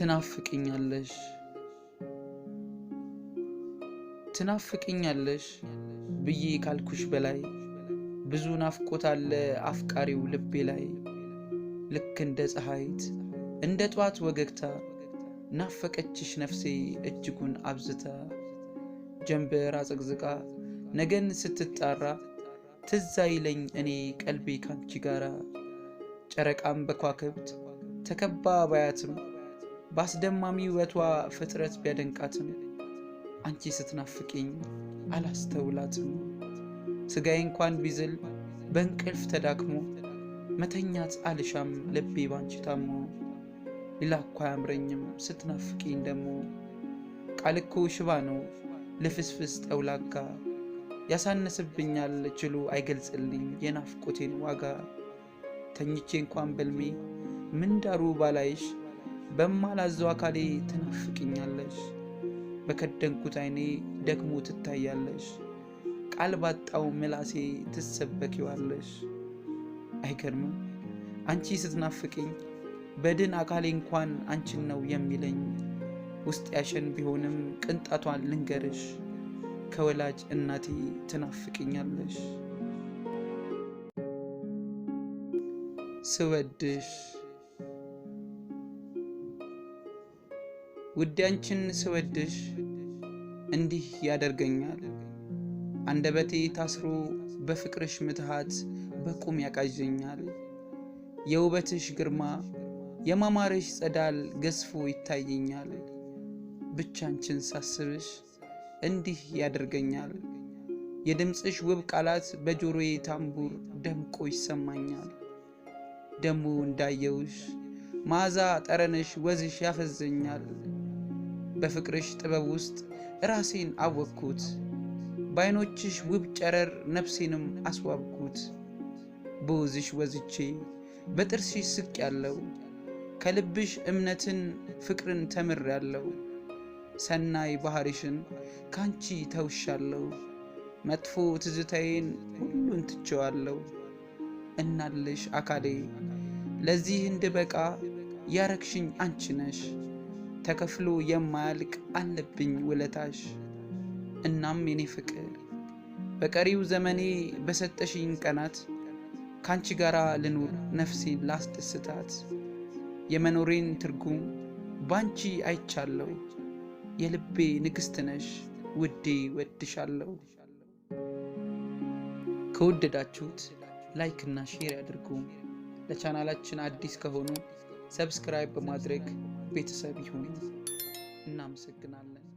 ትናፍቅኛለሽ ትናፍቅኛለሽ ብዬ ካልኩሽ በላይ ብዙ ናፍቆት አለ አፍቃሪው ልቤ ላይ ልክ እንደ ፀሐይት እንደ ጠዋት ወገግታ ናፈቀችሽ ነፍሴ እጅጉን አብዝታ ጀንበር አዘቅዝቃ ነገን ስትጣራ ትዝ አይለኝ እኔ ቀልቤ ካንቺ ጋራ ጨረቃም በኳክብት ተከባ ባያትም በአስደማሚ ውበቷ ፍጥረት ቢያደንቃትም አንቺ ስትናፍቅኝ አላስተውላትም። ስጋዬ እንኳን ቢዝል በእንቅልፍ ተዳክሞ መተኛት አልሻም ልቤ ባንቺ ታሞ። ሌላ እኳ አያምረኝም ስትናፍቅኝ ደሞ ቃልኮ ሽባ ነው ልፍስፍስ ጠውላጋ ያሳነስብኛል ችሉ አይገልጽልኝ የናፍቆቴን ዋጋ ተኝቼ እንኳን በልሜ ምንዳሩ ባላይሽ በማላዘው አካሌ ትናፍቅኛለሽ፣ በከደንኩት አይኔ ደግሞ ትታያለሽ፣ ቃል ባጣው ምላሴ ትሰበኪዋለሽ። አይገርምም አንቺ ስትናፍቅኝ በድን አካሌ እንኳን አንቺን ነው የሚለኝ። ውስጥ ያሸን ቢሆንም ቅንጣቷን ልንገርሽ፣ ከወላጅ እናቴ ትናፍቅኛለሽ ስወድሽ ውዴ አንቺን ስወድሽ እንዲህ ያደርገኛል አንደበቴ ታስሮ በፍቅርሽ ምትሃት በቁም ያቃዥኛል የውበትሽ ግርማ የማማርሽ ጸዳል ገዝፎ ይታየኛል። ብቻንችን ሳስብሽ እንዲህ ያደርገኛል። የድምፅሽ ውብ ቃላት በጆሮዬ ታምቡር ደምቆ ይሰማኛል። ደሞ እንዳየውሽ መዓዛ ጠረንሽ ወዝሽ ያፈዘኛል። በፍቅርሽ ጥበብ ውስጥ ራሴን አወቅኩት። በዓይኖችሽ ውብ ጨረር ነፍሴንም አስዋብኩት። በውዝሽ ወዝቼ በጥርስሽ ስቅ ያለው ከልብሽ እምነትን ፍቅርን ተምር ያለው ሰናይ ባህሪሽን ካንቺ ተውሻለሁ። መጥፎ ትዝታዬን ሁሉን ትቼዋለሁ። እናለሽ አካሌ ለዚህ እንድበቃ ያረግሽኝ አንቺ ነሽ። ተከፍሎ የማያልቅ አለብኝ ውለታሽ። እናም የኔ ፍቅር በቀሪው ዘመኔ በሰጠሽኝ ቀናት ከአንቺ ጋር ልኑር ነፍሴን ላስደስታት። የመኖሬን ትርጉም ባንቺ አይቻለሁ። የልቤ ንግሥት ነሽ ውዴ፣ ወድሻለሁ። ከወደዳችሁት ላይክ እና ሼር ያድርጉ። ለቻናላችን አዲስ ከሆኑ ሰብስክራይብ በማድረግ ቤተሰብ ይሁን። እናመሰግናለን።